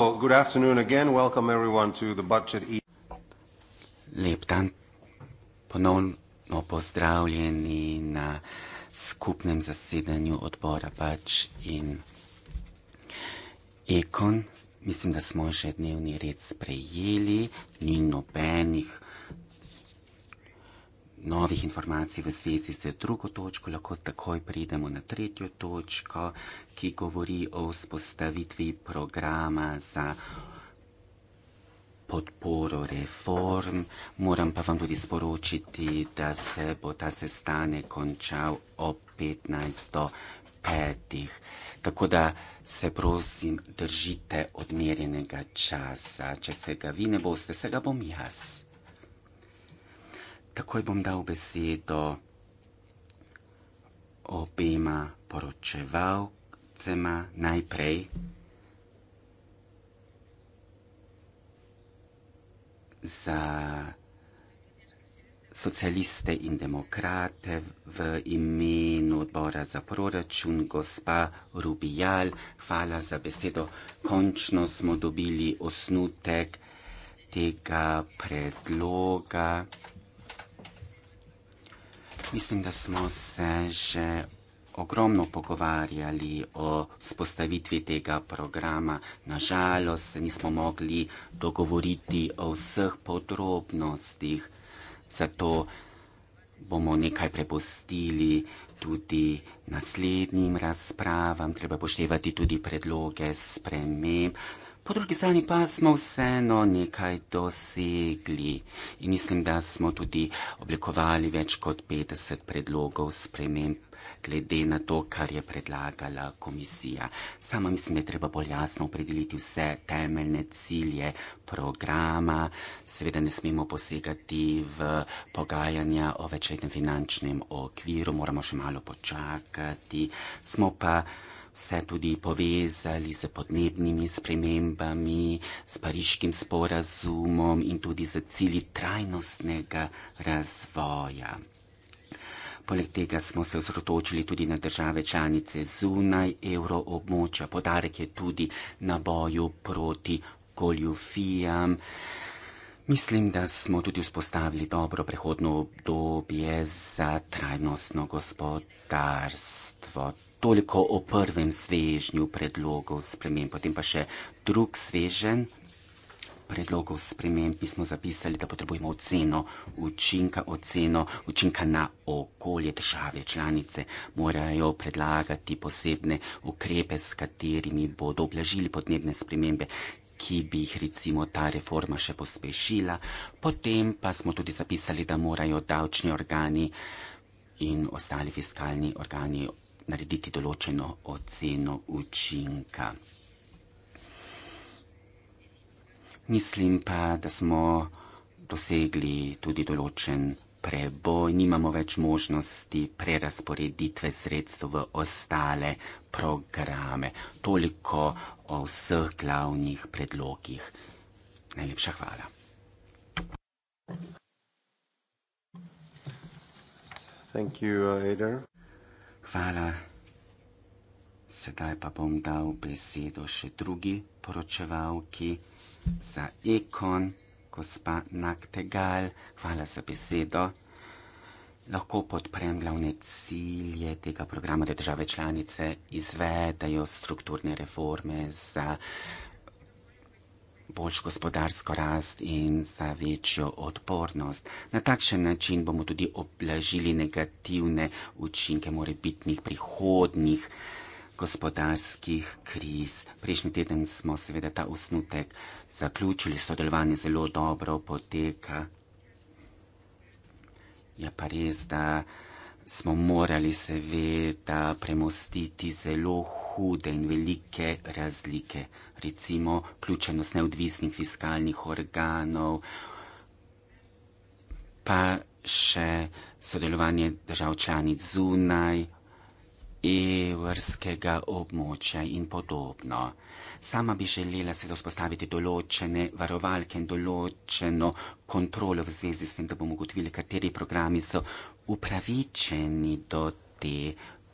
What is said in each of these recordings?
Good afternoon again. Welcome everyone to the budget e- Lep dan. Ponovno pozdravljeni na skupnem zasedanju odbora pač in ekon. Mislim, da smo že dnevni red sprejeli, ni nobenih novih informacij v zvezi z drugo točko, lahko takoj pridemo na tretjo točko, ki govori o vzpostavitvi programa za podporo reform. Moram pa vam tudi sporočiti, da se bo ta sestanek končal ob 15.05. Tako da se prosim držite odmerjenega časa. Če se ga vi ne boste, se ga bom jaz. Takoj bom dal besedo obema poročevalcema najprej. Za socialiste in demokrate v imenu odbora za proračun, gospa Rubijal, hvala za besedo. Končno smo dobili osnutek tega predloga. Mislim, da smo se že ogromno pogovarjali o spostavitvi tega programa. Nažalost se nismo mogli dogovoriti o vseh podrobnostih, zato bomo nekaj prepustili tudi naslednjim razpravam. Treba poštevati tudi predloge sprememb, Po drugi strani pa smo vseeno nekaj dosegli in mislim, da smo tudi oblikovali več kot 50 predlogov sprememb glede na to, kar je predlagala komisija. Sama mislim, da je treba bolj jasno opredeliti vse temeljne cilje programa. Seveda ne smemo posegati v pogajanja o večletnem finančnem okviru, moramo še malo počakati. Smo pa se tudi povezali z podnebnimi spremembami, s pariškim sporazumom in tudi z cilji trajnostnega razvoja. Poleg tega smo se osredotočili tudi na države članice zunaj evroobmočja. Podarek je tudi na boju proti goljufijam. Mislim, da smo tudi vzpostavili dobro prehodno obdobje za trajnostno gospodarstvo toliko o prvem svežnju predlogov spremem, potem pa še drug svežen predlogov spremem, ki smo zapisali, da potrebujemo oceno učinka, oceno učinka na okolje države članice. Morajo predlagati posebne ukrepe, s katerimi bodo oblažili podnebne spremembe ki bi jih recimo ta reforma še pospešila. Potem pa smo tudi zapisali, da morajo davčni organi in ostali fiskalni organi narediti določeno oceno učinka. Mislim pa, da smo dosegli tudi določen preboj, nimamo več možnosti prerasporeditve sredstev v ostale programe. Toliko o vseh glavnih predlogih. Najlepša hvala. Thank you, uh, Ader. Hvala. Sedaj pa bom dal besedo še drugi poročevalki za ekon, gospa Naktegal. Hvala za besedo. Lahko podprem glavne cilje tega programa, da države članice izvedajo strukturne reforme za boljš gospodarsko rast in za večjo odpornost. Na takšen način bomo tudi oblažili negativne učinke morebitnih prihodnih gospodarskih kriz. Prejšnji teden smo seveda ta osnutek zaključili, sodelovanje zelo dobro poteka. Je pa res, da smo morali seveda premostiti zelo hude in velike razlike recimo vključenost neodvisnih fiskalnih organov, pa še sodelovanje držav članic zunaj evrskega območja in podobno. Sama bi želela se vzpostaviti določene varovalke in določeno kontrolo v zvezi s tem, da bomo ugotovili, kateri programi so upravičeni do te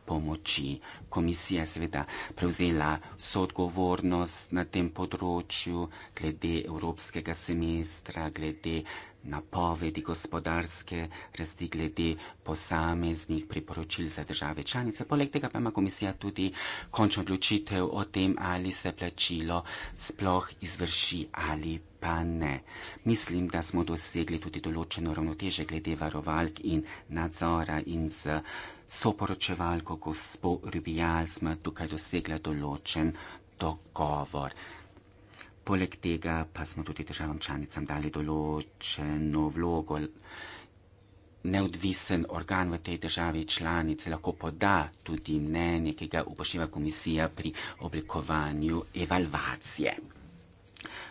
pomoči. Komisija je seveda prevzela soodgovornost na tem področju, glede evropskega semestra, glede napovedi gospodarske rasti, glede posameznih priporočil za države članice. Poleg tega pa ima komisija tudi končno odločitev o tem, ali se plačilo sploh izvrši ali pa ne. Mislim, da smo dosegli tudi določeno ravnoteže glede varovalk in nadzora in z soporočevalko gospo Rubijal smo tukaj dosegli določen dogovor. Poleg tega pa smo tudi državam članicam dali določeno vlogo. Neodvisen organ v tej državi članice lahko poda tudi mnenje, ki ga upošteva komisija pri oblikovanju evalvacije.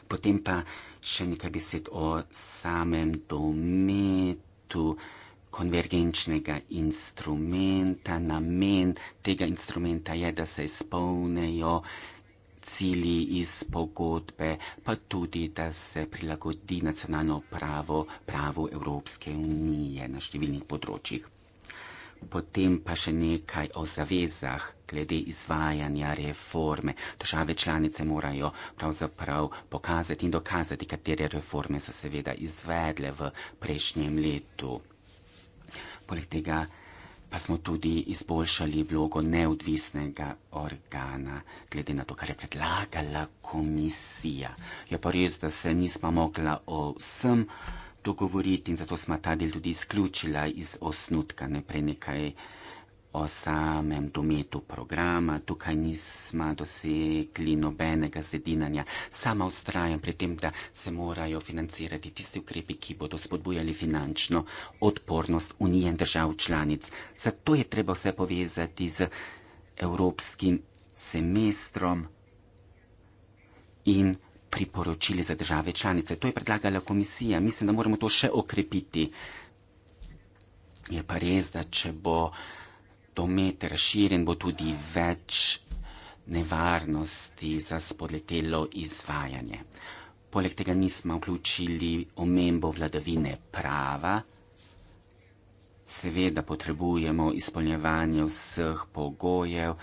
Potem pa še nekaj besed o samem dometu konvergenčnega instrumenta. Namen tega instrumenta je, da se izpolnejo cilji iz pogodbe, pa tudi, da se prilagodi nacionalno pravo pravu Evropske unije na številnih področjih. Potem pa še nekaj o zavezah glede izvajanja reforme. Države članice morajo pravzaprav pokazati in dokazati, katere reforme so seveda izvedle v prejšnjem letu. Poleg tega pa smo tudi izboljšali vlogo neodvisnega organa, glede na to, kar je predlagala komisija. Je pa res, da se nismo mogla o vsem dogovoriti in zato smo ta del tudi izključila iz osnutka, ne prej nekaj o samem dometu programa, tukaj nismo dosegli nobenega zedinanja. Sama ustrajam pri tem, da se morajo financirati tisti ukrepi, ki bodo spodbujali finančno odpornost unije in držav članic. Zato je treba vse povezati z evropskim semestrom in priporočili za države članice. To je predlagala komisija. Mislim, da moramo to še okrepiti. Je pa res, da če bo domet razširjen, bo tudi več nevarnosti za spodletelo izvajanje. Poleg tega nismo vključili omembo vladavine prava. Seveda potrebujemo izpolnjevanje vseh pogojev,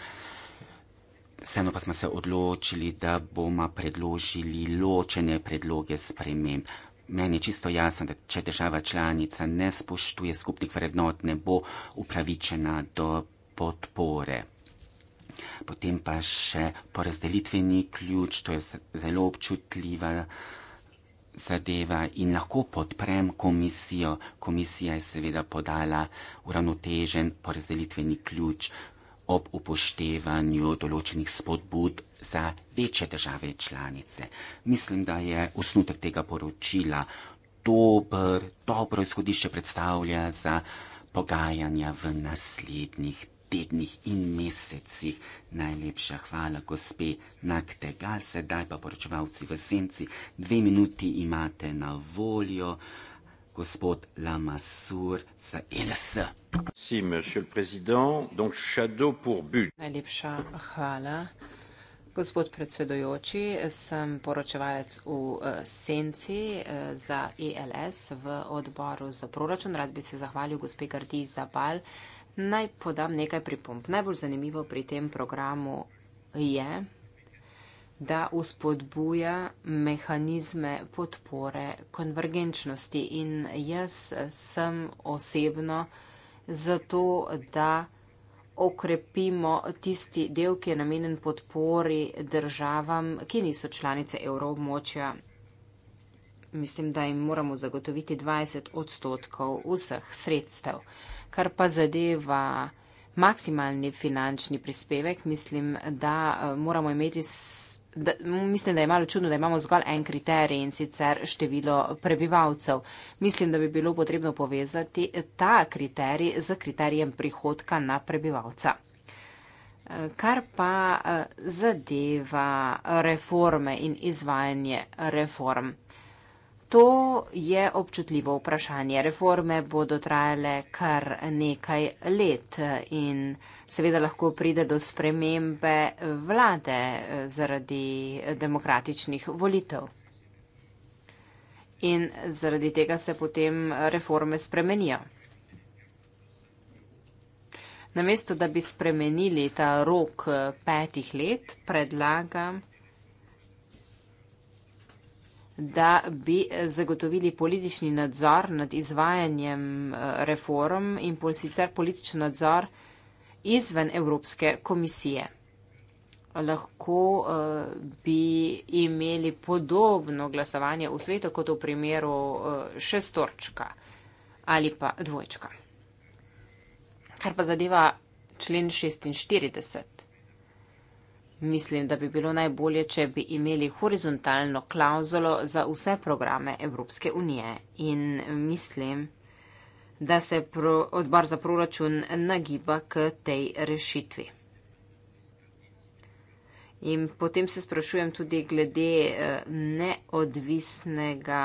vseeno pa smo se odločili, da bomo predložili ločene predloge sprememb meni je čisto jasno, da če država članica ne spoštuje skupnih vrednot, ne bo upravičena do podpore. Potem pa še porazdelitveni ključ, to je zelo občutljiva zadeva in lahko podprem komisijo. Komisija je seveda podala uravnotežen porazdelitveni ključ, ob upoštevanju določenih spodbud za večje države članice. Mislim, da je osnutek tega poročila dober, dobro izhodišče predstavlja za pogajanja v naslednjih tednih in mesecih. Najlepša hvala, gospe Naktegal, sedaj pa poročevalci v senci. Dve minuti imate na voljo gospod Lamassur za ILS. Si, monsieur le président, donc Shadow pour but. Najlepša hvala. Gospod predsedojoči, sem poročevalec v eh, senci eh, za ELS v odboru za proračun. Rad bi se zahvalil gospe Gardi za bal. Naj podam nekaj pripomp. Najbolj zanimivo pri tem programu je, da uspodbuja mehanizme podpore konvergenčnosti. In jaz sem osebno zato, da okrepimo tisti del, ki je namenjen podpori državam, ki niso članice evroobmočja. Mislim, da jim moramo zagotoviti 20 odstotkov vseh sredstev. Kar pa zadeva maksimalni finančni prispevek, mislim, da eh, moramo imeti da, mislim, da je malo čudno, da imamo zgolj en kriterij in sicer število prebivalcev. Mislim, da bi bilo potrebno povezati ta kriterij z kriterijem prihodka na prebivalca. Kar pa eh, zadeva reforme in izvajanje reform. To je občutljivo vprašanje. Reforme bodo trajale kar nekaj let in seveda lahko pride do spremembe vlade eh, zaradi demokratičnih volitev. In zaradi tega se potem reforme spremenijo. Namesto, da bi spremenili ta rok eh, petih let, predlagam da bi eh, zagotovili politični nadzor nad izvajanjem eh, reform in sicer politični nadzor izven Evropske komisije. Lahko eh, bi imeli podobno glasovanje v svetu kot v primeru šestorčka ali pa dvojčka. Kar pa zadeva člen 46. Mislim, da bi bilo najbolje, če bi imeli horizontalno klauzulo za vse programe Evropske unije. In mislim, da se pro, odbor za proračun nagiba k tej rešitvi. In potem se sprašujem tudi glede eh, neodvisnega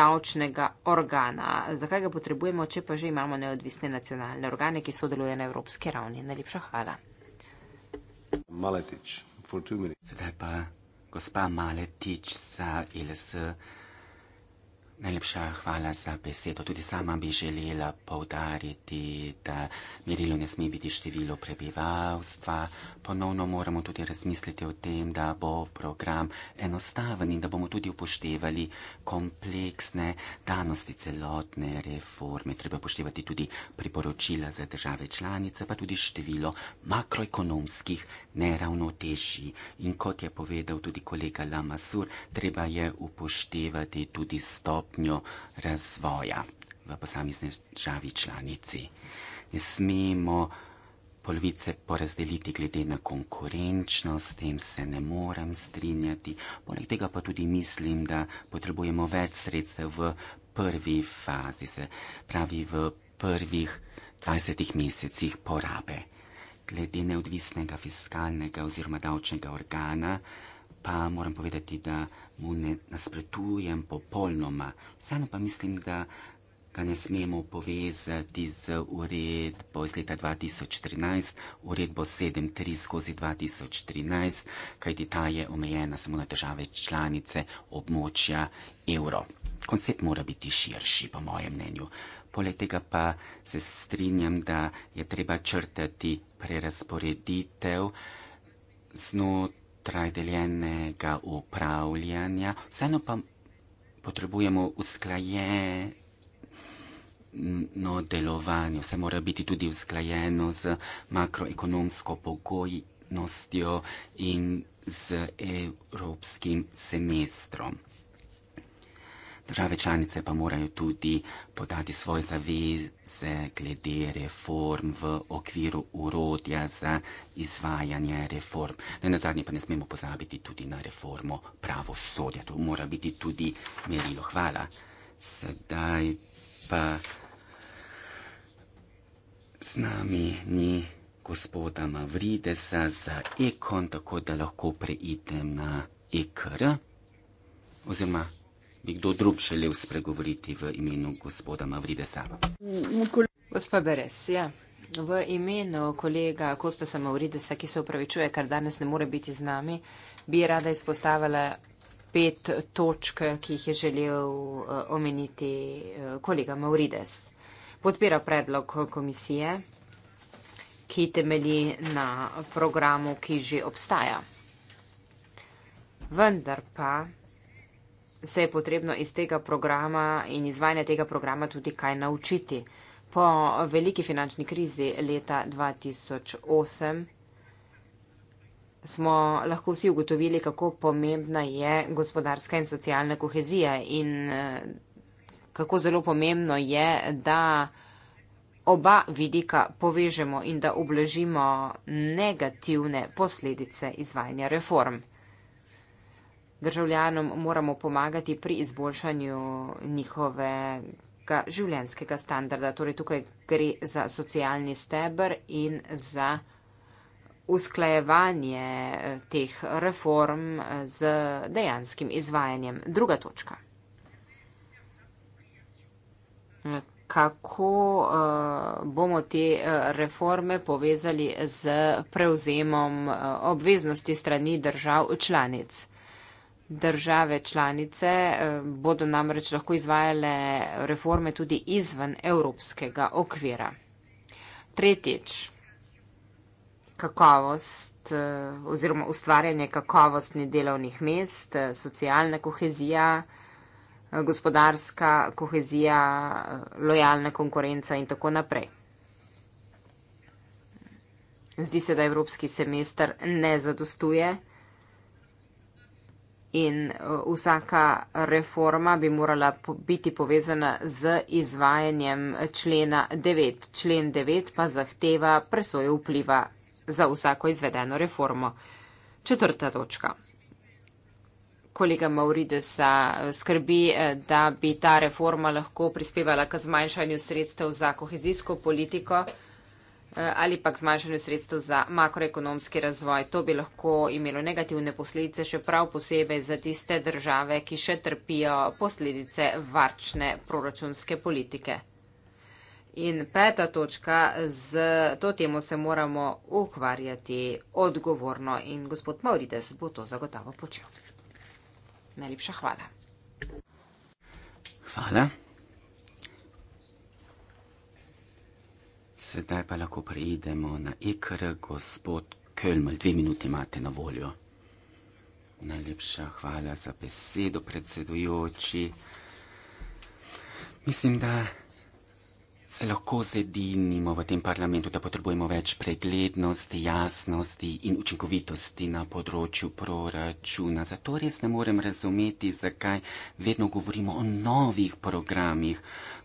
davčnega organa. Zakaj ga potrebujemo, če pa že imamo neodvisne nacionalne organe, ki sodelujejo na evropski ravni? Najlepša hvala. Maletič. Sedaj pa gospa Maletič za ILS. Najlepša hvala za besedo. Tudi sama bi želela povdariti, da merilo ne sme biti število prebivalstva, ponovno moramo tudi razmisliti o tem, da bo program enostaven in da bomo tudi upoštevali kompleksne danosti celotne reforme. Treba upoštevati tudi priporočila za države članice, pa tudi število makroekonomskih neravnoteži. In kot je povedal tudi kolega Lamasur, treba je upoštevati tudi stopnjo razvoja v posamezni državi članici. Ne smemo polovice porazdeliti glede na konkurenčnost, s tem se ne morem strinjati. Poleg tega pa tudi mislim, da potrebujemo več sredstev v prvi fazi, se pravi v prvih 20 mesecih porabe. Glede neodvisnega fiskalnega oziroma davčnega organa pa moram povedati, da mu ne nasprotujem popolnoma. Vseeno pa mislim, da ga ne smemo povezati z uredbo iz leta 2013, uredbo 7.3 skozi 2013, kajti ta je omejena samo na države članice območja evro. Koncept mora biti širši, po mojem mnenju. Poleg tega pa se strinjam, da je treba črtati prerasporeditev znotraj deljenega upravljanja, vseeno pa potrebujemo usklajen no, delovanju. Vse mora biti tudi usklajeno z makroekonomsko pogojnostjo in z evropskim semestrom. Države članice pa morajo tudi podati svoje zaveze glede reform v okviru urodja za izvajanje reform. Ne na zadnje pa ne smemo pozabiti tudi na reformo pravosodja. To mora biti tudi merilo. Hvala. Sedaj pa. Z nami ni gospoda Mavridesa za ekon, tako da lahko preidem na ekr. Oziroma, bi kdo drug želel spregovoriti v imenu gospoda Mavridesa? Gospa Beres, ja. V imenu kolega Kostasa Mauridesa, ki se upravičuje, ker danes ne more biti z nami, bi rada izpostavila pet točk, ki jih je želel eh, omeniti eh, kolega Maurides podpira predlog komisije, ki temelji na programu, ki že obstaja. Vendar pa se je potrebno iz tega programa in izvajanja tega programa tudi kaj naučiti. Po veliki finančni krizi leta 2008 smo lahko vsi ugotovili, kako pomembna je gospodarska in socialna kohezija in eh, kako zelo pomembno je, da oba vidika povežemo in da obležimo negativne posledice izvajanja reform. Državljanom moramo pomagati pri izboljšanju njihovega življenskega standarda. Torej tukaj gre za socialni stebr in za usklajevanje teh reform z dejanskim izvajanjem. Druga točka. kako eh, bomo te eh, reforme povezali z prevzemom eh, obveznosti strani držav članic. Države članice bodo namreč lahko izvajale reforme tudi izven evropskega okvira. Tretjič, kakovost oziroma ustvarjanje kakovostnih delovnih mest, socialna kohezija, gospodarska kohezija, lojalna konkurenca in tako naprej. Zdi se, da evropski semester ne zadostuje in uh, vsaka reforma bi morala biti povezana z izvajanjem člena 9. Člen 9 pa zahteva presojo vpliva za vsako izvedeno reformo. Četrta točka kolega Mauridesa eh, skrbi, eh, da bi ta reforma lahko prispevala k zmanjšanju sredstev za kohezijsko politiko eh, ali pa k zmanjšanju sredstev za makroekonomski razvoj. To bi lahko imelo negativne posledice, še prav posebej za tiste države, ki še trpijo posledice varčne proračunske politike. In peta točka, z to temo se moramo ukvarjati odgovorno in gospod Maurides bo to zagotavo počel. Najlepša hvala. Hvala. Sedaj pa lahko preidemo na ikr, gospod Kölmel, dve minuti imate na voljo. Najlepša hvala za besedo, predsedujoči. Mislim, da Se lahko zedinimo v tem parlamentu, da potrebujemo več preglednosti, jasnosti in učinkovitosti na področju proračuna. Zato res ne morem razumeti, zakaj vedno govorimo o novih programih,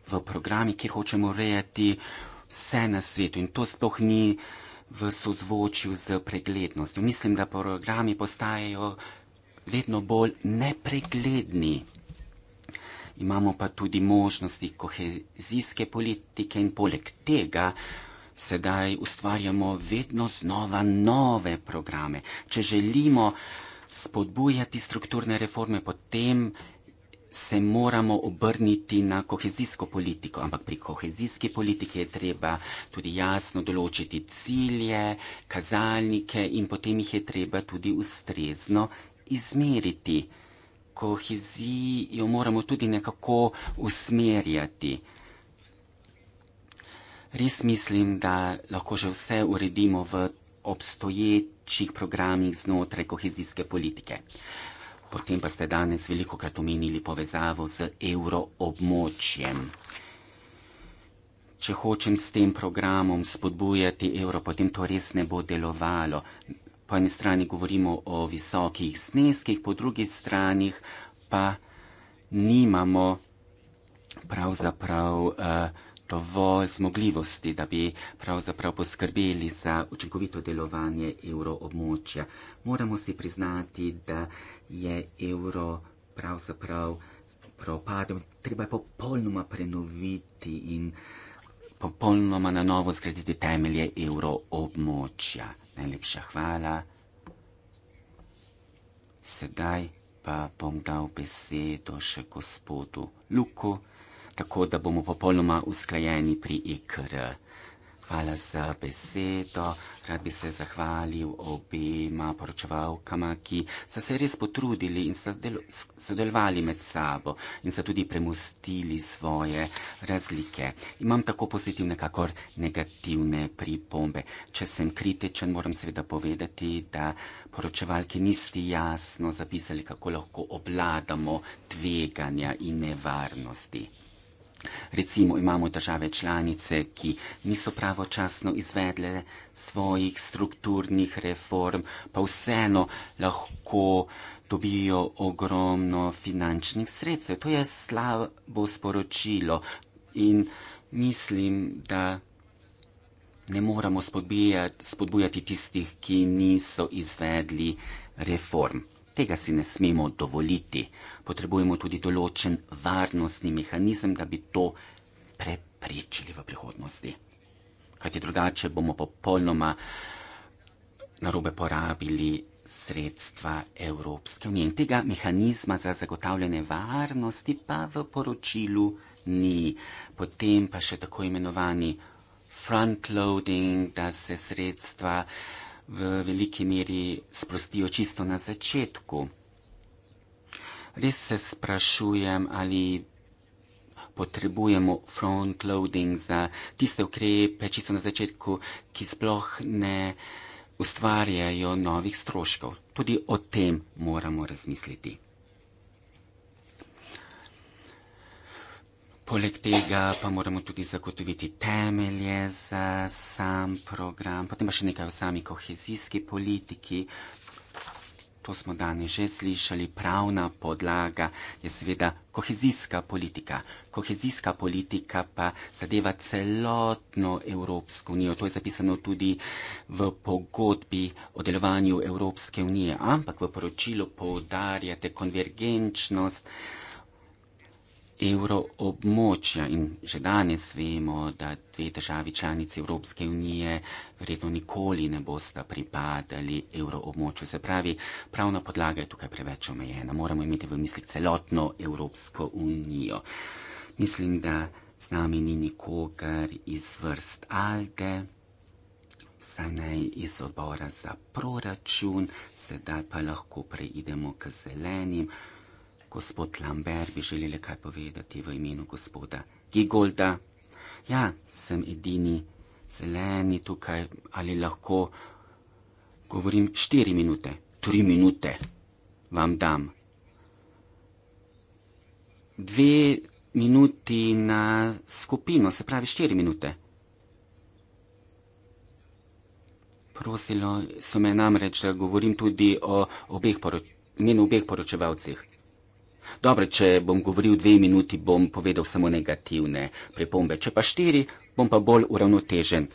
v programih, kjer hočemo rejati vse na svetu in to sploh ni v sozvočju z preglednostjo. Mislim, da programi postajajo vedno bolj nepregledni imamo pa tudi možnosti kohezijske politike in poleg tega sedaj ustvarjamo vedno znova nove programe. Če želimo spodbujati strukturne reforme, potem se moramo obrniti na kohezijsko politiko, ampak pri kohezijski politiki je treba tudi jasno določiti cilje, kazalnike in potem jih je treba tudi ustrezno izmeriti kohezijo moramo tudi nekako usmerjati. Res mislim, da lahko že vse uredimo v obstoječih programih znotraj kohezijske politike. Potem pa ste danes veliko krat omenili povezavo z evroobmočjem. Če hočem s tem programom spodbujati evro, potem to res ne bo delovalo po eni strani govorimo o visokih zneskih, po drugi strani pa nimamo pravzaprav uh, dovolj zmogljivosti, da bi pravzaprav poskrbeli za učinkovito delovanje evroobmočja. Moramo si priznati, da je evro pravzaprav propadel, treba je popolnoma prenoviti in popolnoma na novo zgraditi temelje evroobmočja najlepša hvala. Sedaj pa bom dal besedo še gospodu Luku, tako da bomo popolnoma usklajeni pri IKR. Hvala za besedo. Rad bi se zahvalil obima poročevalkama, ki so se res potrudili in sodelovali med sabo in so tudi premustili svoje razlike. Imam tako pozitivne, kakor negativne pripombe. Če sem kritičen, moram seveda povedati, da poročevalki niste jasno zapisali, kako lahko obladamo tveganja in nevarnosti. Recimo imamo države članice, ki niso pravočasno izvedle svojih strukturnih reform, pa vseeno lahko dobijo ogromno finančnih sredstev. To je slabo sporočilo in mislim, da ne moramo spodbujati tistih, ki niso izvedli reform. Tega si ne smemo dovoliti. Potrebujemo tudi določen varnostni mehanizem, da bi to preprečili v prihodnosti. Kajti drugače bomo popolnoma narobe porabili sredstva Evropske unije. In tega mehanizma za zagotavljanje varnosti pa v poročilu ni. Potem pa še tako imenovani front-loading, da se sredstva v veliki meri sprostijo čisto na začetku. Res se sprašujem, ali potrebujemo front loading za tiste ukrepe čisto na začetku, ki sploh ne ustvarjajo novih stroškov. Tudi o tem moramo razmisliti. Poleg tega pa moramo tudi zagotoviti temelje za sam program, potem pa še nekaj o sami kohezijski politiki. To smo danes že slišali, pravna podlaga je seveda kohezijska politika. Kohezijska politika pa zadeva celotno Evropsko unijo. To je zapisano tudi v pogodbi o delovanju Evropske unije, ampak v poročilu poudarjate konvergenčnost evroobmočja in že danes vemo, da dve državi članici Evropske unije verjetno nikoli ne bosta pripadali evroobmočju. Se pravi, pravna podlaga je tukaj preveč omejena. Moramo imeti v mislih celotno Evropsko unijo. Mislim, da z nami ni nikogar iz vrst Alde, saj naj iz odbora za proračun, sedaj pa lahko preidemo k zelenim gospod Lambert bi želeli kaj povedati v imenu gospoda Gigolda. Ja, sem edini zeleni tukaj, ali lahko govorim štiri minute, tri minute vam dam. Dve minuti na skupino, se pravi štiri minute. Prosilo so me namreč, da govorim tudi o obeh poroč imenu obeh poročevalcih. Dobro, če bom govoril dve minuti, bom povedal samo negativne pripombe, če pa štiri, bom pa bolj uravnotežen.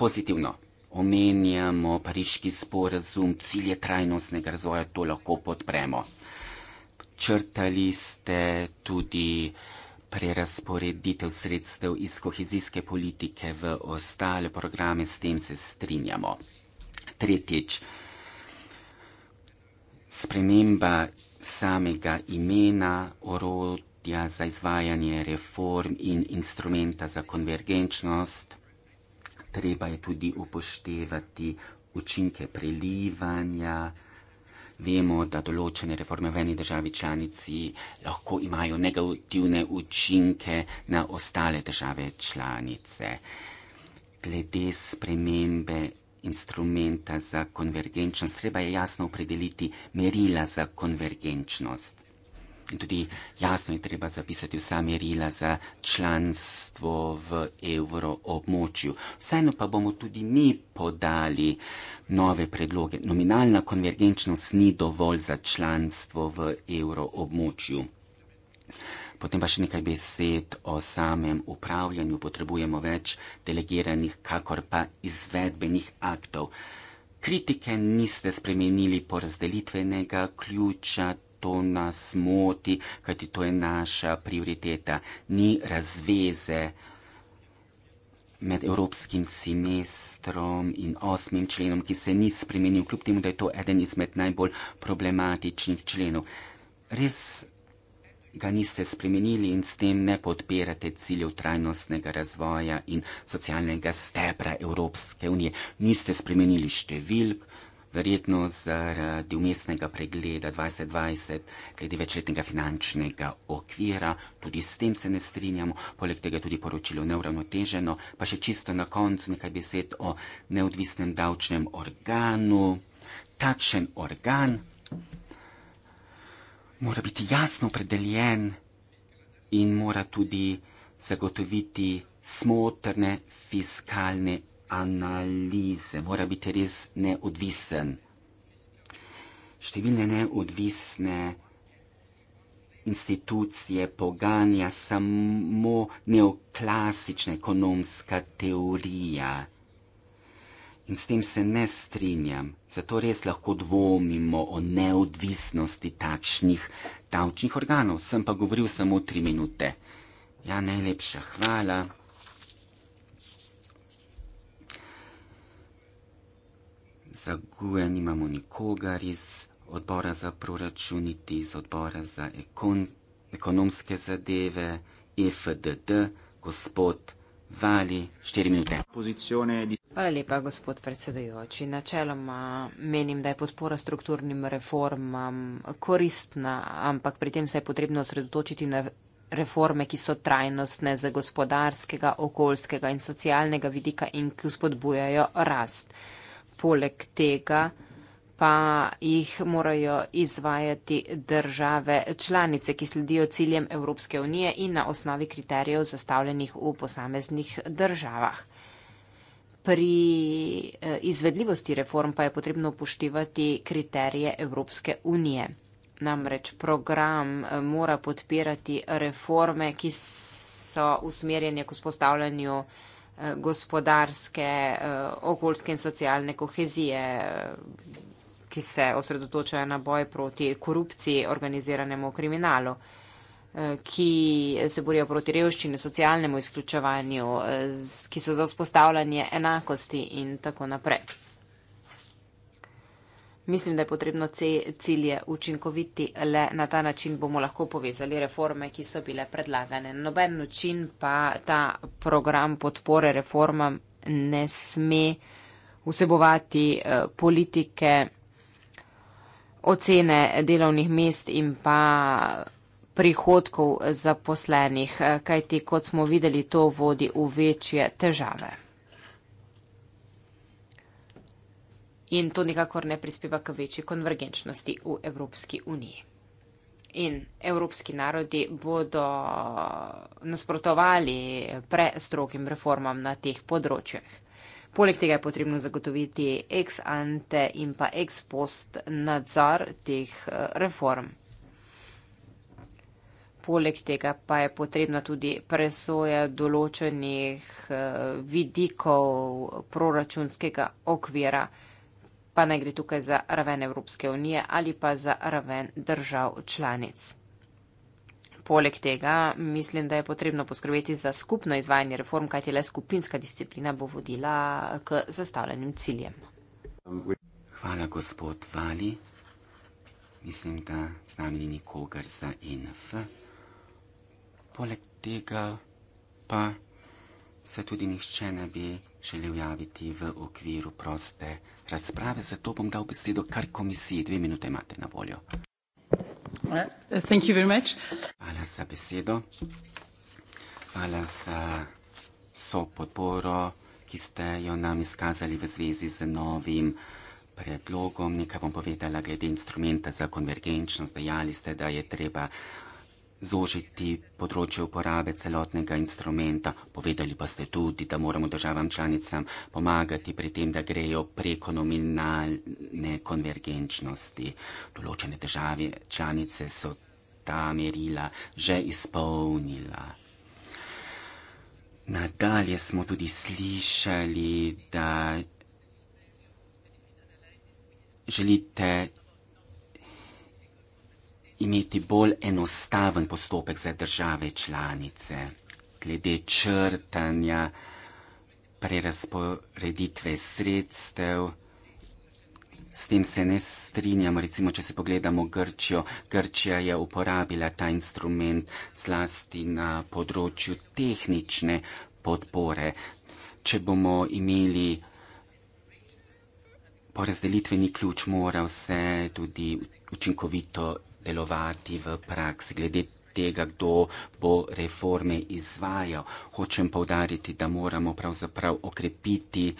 Pozitivno. Omenjamo pariški sporazum, cilje trajnostnega razvoja, to lahko podpremo. Črtali ste tudi prerasporeditev sredstev iz kohezijske politike v ostale programe, s tem se strinjamo. Tretjič, sprememba samega imena, orodja za izvajanje reform in instrumenta za konvergenčnost. Treba je tudi upoštevati učinke prelivanja. Vemo, da določene reforme v eni državi članici lahko imajo negativne učinke na ostale države članice. Glede spremembe instrumenta za konvergenčnost, treba je jasno opredeliti merila za konvergenčnost. In tudi jasno je treba zapisati vsa merila za članstvo v evroobmočju. Vseeno pa bomo tudi mi podali nove predloge. Nominalna konvergenčnost ni dovolj za članstvo v evroobmočju. Potem pa še nekaj besed o samem upravljanju. Potrebujemo več delegiranih, kakor pa izvedbenih aktov. Kritike niste spremenili po razdelitvenega ključa, to nas moti, kajti to je naša prioriteta. Ni razveze med evropskim semestrom in osmim členom, ki se ni spremenil, kljub temu, da je to eden izmed najbolj problematičnih členov. Res ga niste spremenili in s tem ne podpirate ciljev trajnostnega razvoja in socialnega stebra Evropske unije. Niste spremenili številk. Verjetno zaradi umestnega pregleda 2020, glede večletnega finančnega okvira, tudi s tem se ne strinjamo, poleg tega tudi poročilo neuravnoteženo, pa še čisto na koncu nekaj besed o neodvisnem davčnem organu. Takšen organ mora biti jasno opredeljen in mora tudi zagotoviti smotrne fiskalne analize, mora biti res neodvisen. Številne neodvisne institucije poganja samo neoklasična ekonomska teorija in s tem se ne strinjam. Zato res lahko dvomimo o neodvisnosti takšnih davčnih organov. Sem pa govoril samo tri minute. Ja, najlepša hvala. Za GUE nimamo nikogar iz odbora za proračun, niti iz odbora za ekon ekonomske zadeve, EFDD, gospod Vali, 4 minute. Pozicione. Hvala lepa, gospod predsedujoči. Načeloma menim, da je podpora strukturnim reformam koristna, ampak pri tem se je potrebno osredotočiti na reforme, ki so trajnostne za gospodarskega, okoljskega in socialnega vidika in ki spodbujajo rast. Poleg tega pa jih morajo izvajati države članice, ki sledijo ciljem Evropske unije in na osnovi kriterijev zastavljenih v posameznih državah. Pri eh, izvedljivosti reform pa je potrebno upoštevati kriterije Evropske unije. Namreč program eh, mora podpirati reforme, ki so usmerjene k vzpostavljanju eh, gospodarske, okoljske in socialne kohezije, ki se osredotočajo na boj proti korupciji, organiziranemu kriminalu. Eh, ki se borijo proti revščini, socialnemu izključevanju, eh, ki so za vzpostavljanje enakosti in tako naprej. Mislim, da je potrebno cilje učinkoviti, le na ta način bomo lahko povezali reforme, ki so bile predlagane. Na noben način pa ta program podpore reformam ne sme vsebovati eh, politike ocene delovnih mest in pa prihodkov zaposlenih, eh, kajti kot smo videli, to vodi v večje težave. In to nikakor ne prispeva k večji konvergenčnosti v Evropski uniji. In evropski narodi bodo nasprotovali prestrogim reformam na teh področjih. Poleg tega je potrebno zagotoviti ex ante in pa ex post nadzor teh eh, reform poleg tega pa je potrebna tudi presoja določenih eh, vidikov proračunskega okvira, pa naj gre tukaj za raven Evropske unije ali pa za raven držav članic. Poleg tega mislim, da je potrebno poskrbeti za skupno izvajanje reform, kajti le skupinska disciplina bo vodila k zastavljenim ciljem. Hvala, gospod Vali. Mislim, da z nami ni nikogar za e NF. Poleg tega pa se tudi nišče ne bi želel javiti v okviru proste razprave, zato bom dal besedo kar komisiji. Dve minute imate na voljo. Uh, thank you very much. Hvala za besedo. Hvala za so podporo, ki ste jo nam izkazali v zvezi z novim predlogom. Nekaj bom povedala glede instrumenta za konvergenčnost. Dejali ste, da je treba zožiti področje uporabe celotnega instrumenta. Povedali pa ste tudi, da moramo državam članicam pomagati pri tem, da grejo preko nominalne konvergenčnosti. Določene države članice so ta merila že izpolnila. Nadalje smo tudi slišali, da želite imeti bolj enostaven postopek za države članice, glede črtanja, prerasporeditve sredstev. S tem se ne strinjamo, recimo, če se pogledamo Grčijo. Grčija je uporabila ta instrument zlasti na področju tehnične podpore. Če bomo imeli porazdelitveni ključ, mora vse tudi učinkovito delovati v praksi. Glede tega, kdo bo reforme izvajal, hočem povdariti, da moramo pravzaprav okrepiti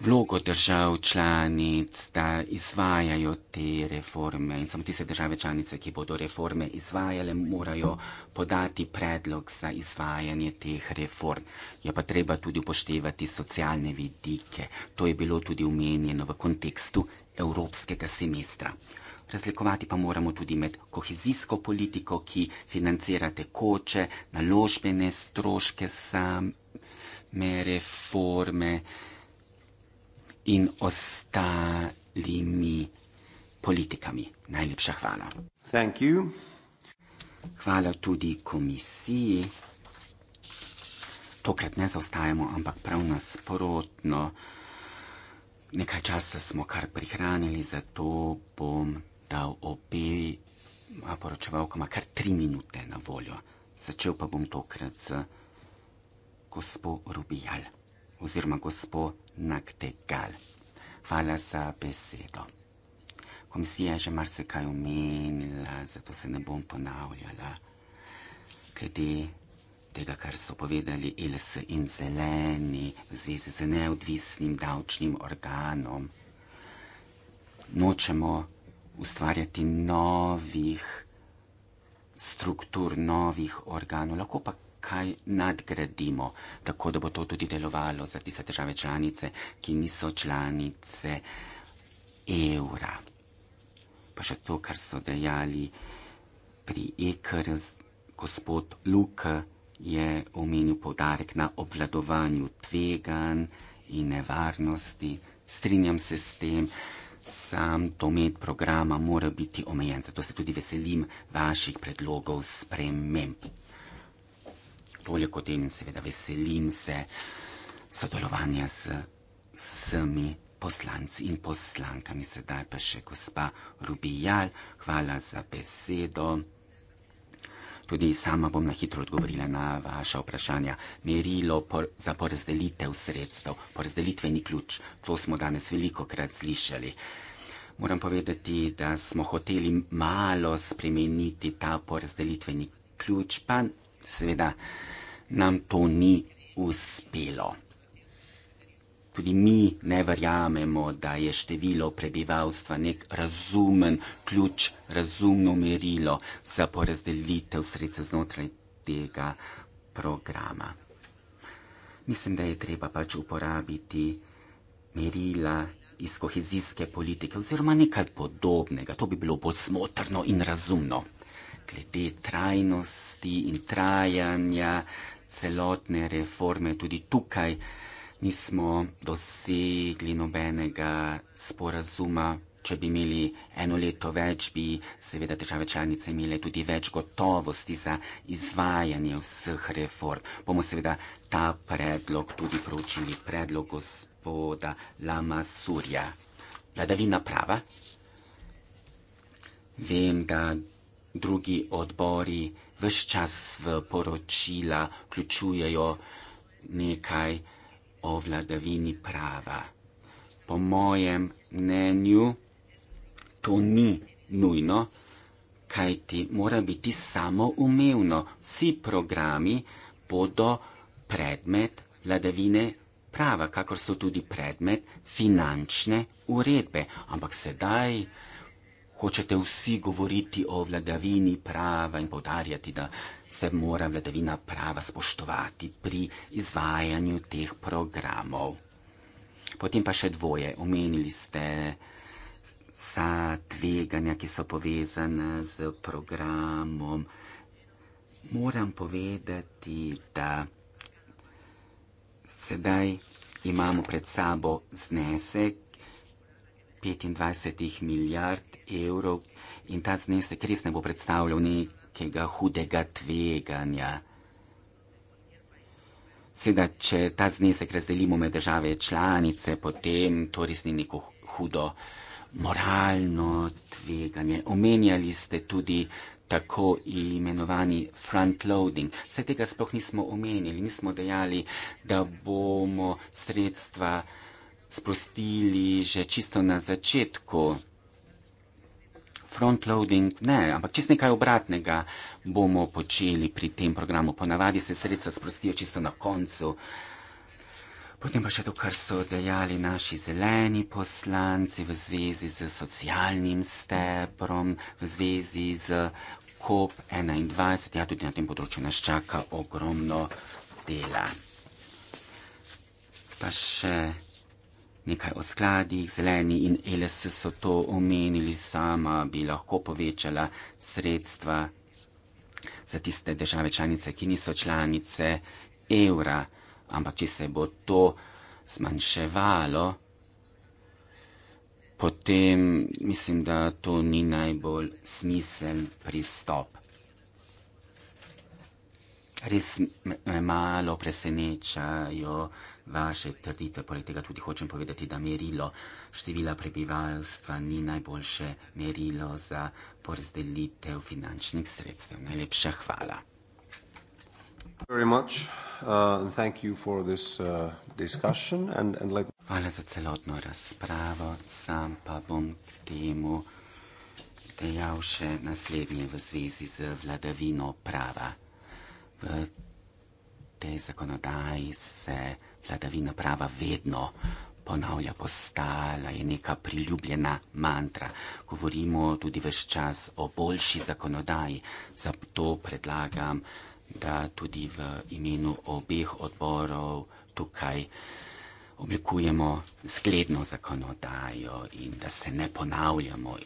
vlogo držav članic, da izvajajo te reforme. In samo tiste države članice, ki bodo reforme izvajale, morajo podati predlog za izvajanje teh reform. Je pa treba tudi upoštevati socialne vidike. To je bilo tudi umenjeno v kontekstu evropskega semestra. Razlikovati pa moramo tudi med kohezijsko politiko, ki financira tekoče, naložbene stroške same reforme in ostalimi politikami. Najlepša hvala. Thank you. Hvala tudi komisiji. Tokrat ne zaostajamo, ampak prav nasprotno. Nekaj časa smo kar prihranili, zato bom klepetal o pevi, a poročevalka ima kar tri minute na voljo. Začel pa bom tokrat z gospo Rubijal oziroma gospo Naktegal. Hvala za besedo. Komisija je že marsikaj omenila, zato se ne bom ponavljala. Kdaj tega, kar so povedali ILS in zeleni v zvezi z neodvisnim davčnim organom, nočemo ustvarjati novih struktur, novih organov, lahko pa kaj nadgradimo, tako da bo to tudi delovalo za tiste države članice, ki niso članice evra. Pa še to, kar so dejali pri EKR, gospod Luka je omenil povdarek na obvladovanju tvegan in nevarnosti. Strinjam se s tem. Sam domet programa mora biti omejen, zato se tudi veselim vaših predlogov sprememb. Toliko tem in seveda veselim se sodelovanja z vsemi poslanci in poslankami. Sedaj pa še gospa Rubijal, hvala za besedo tudi sama bom na hitro odgovorila na vaša vprašanja. Merilo por, za porazdelitev sredstev, porazdelitveni ključ, to smo danes veliko krat slišali. Moram povedati, da smo hoteli malo spremeniti ta porazdelitveni ključ, pa seveda nam to ni uspelo. Tudi mi ne verjamemo, da je število prebivalstva nek razumen ključ, razumno merilo za porazdelitev sredstev znotraj tega programa. Mislim, da je treba pač uporabiti merila iz kohezijske politike oziroma nekaj podobnega. To bi bilo bolj smotrno in razumno. Glede trajnosti in trajanja celotne reforme tudi tukaj nismo dosegli nobenega sporazuma. Če bi imeli eno leto več, bi seveda države članice imele tudi več gotovosti za izvajanje vseh reform. Bomo seveda ta predlog tudi proučili, predlog gospoda Lama Surja. Vladavina prava. Vem, da drugi odbori vse čas v poročila vključujejo nekaj o vladavini prava. Po mojem mnenju to ni nujno, kajti mora biti samo umevno. Vsi programi bodo predmet vladavine prava, kakor so tudi predmet finančne uredbe. Ampak sedaj hočete vsi govoriti o vladavini prava in povdarjati, da se mora vladavina prava spoštovati pri izvajanju teh programov. Potem pa še dvoje. Omenili ste vsa tveganja, ki so povezane z programom. Moram povedati, da sedaj imamo pred sabo znesek 25 milijard evrov in ta znesek res ne bo predstavljal nekaj vsakega hudega tveganja. Seveda, če ta znesek razdelimo med države članice, potem to res ni neko hudo moralno tveganje. Omenjali ste tudi tako imenovani front-loading. Vse tega sploh nismo omenili, nismo dejali, da bomo sredstva sprostili že čisto na začetku frontloading, ne, ampak čist nekaj obratnega bomo počeli pri tem programu. Ponavadi se sredstva sprostijo čisto na koncu. Potem pa še to, kar so dejali naši zeleni poslanci v zvezi z socialnim steprom, v zvezi z COP21. Ja, tudi na tem področju nas čaka ogromno dela. Pa še nekaj o skladih, zeleni in LSS so to omenili sama, bi lahko povečala sredstva za tiste države članice, ki niso članice evra, ampak če se bo to zmanjševalo, potem mislim, da to ni najbolj smiseln pristop. Res me malo presenečajo vaše trditve, poleg tega tudi hočem povedati, da merilo števila prebivalstva ni najboljše merilo za porazdelitev finančnih sredstev. Najlepša hvala. Uh, uh, hvala za celotno razpravo, sam pa bom k temu dejal še naslednje v zvezi z vladavino prava tej zakonodaji se vladavina prava vedno ponavlja, postala je neka priljubljena mantra. Govorimo tudi vse čas o boljši zakonodaji, zato predlagam, da tudi v imenu obeh odborov tukaj oblikujemo zgledno zakonodajo in da se ne ponavljamo.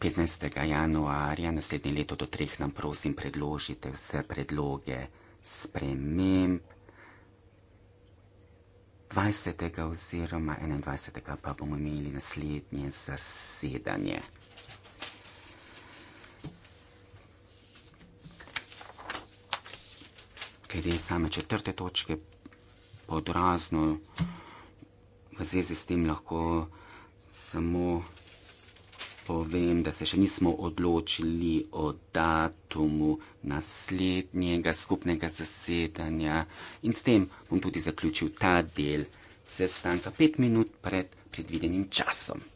15. januarja naslednje leto do treh nam prosim predložite vse predloge sprememb. 20. oziroma 21. pa bomo imeli naslednje zasedanje. Glede same četrte točke podrazno v zvezi s tem lahko samo povem, da se še nismo odločili o datumu naslednjega skupnega zasedanja in s tem bom tudi zaključil ta del sestanka pet minut pred predvidenim časom.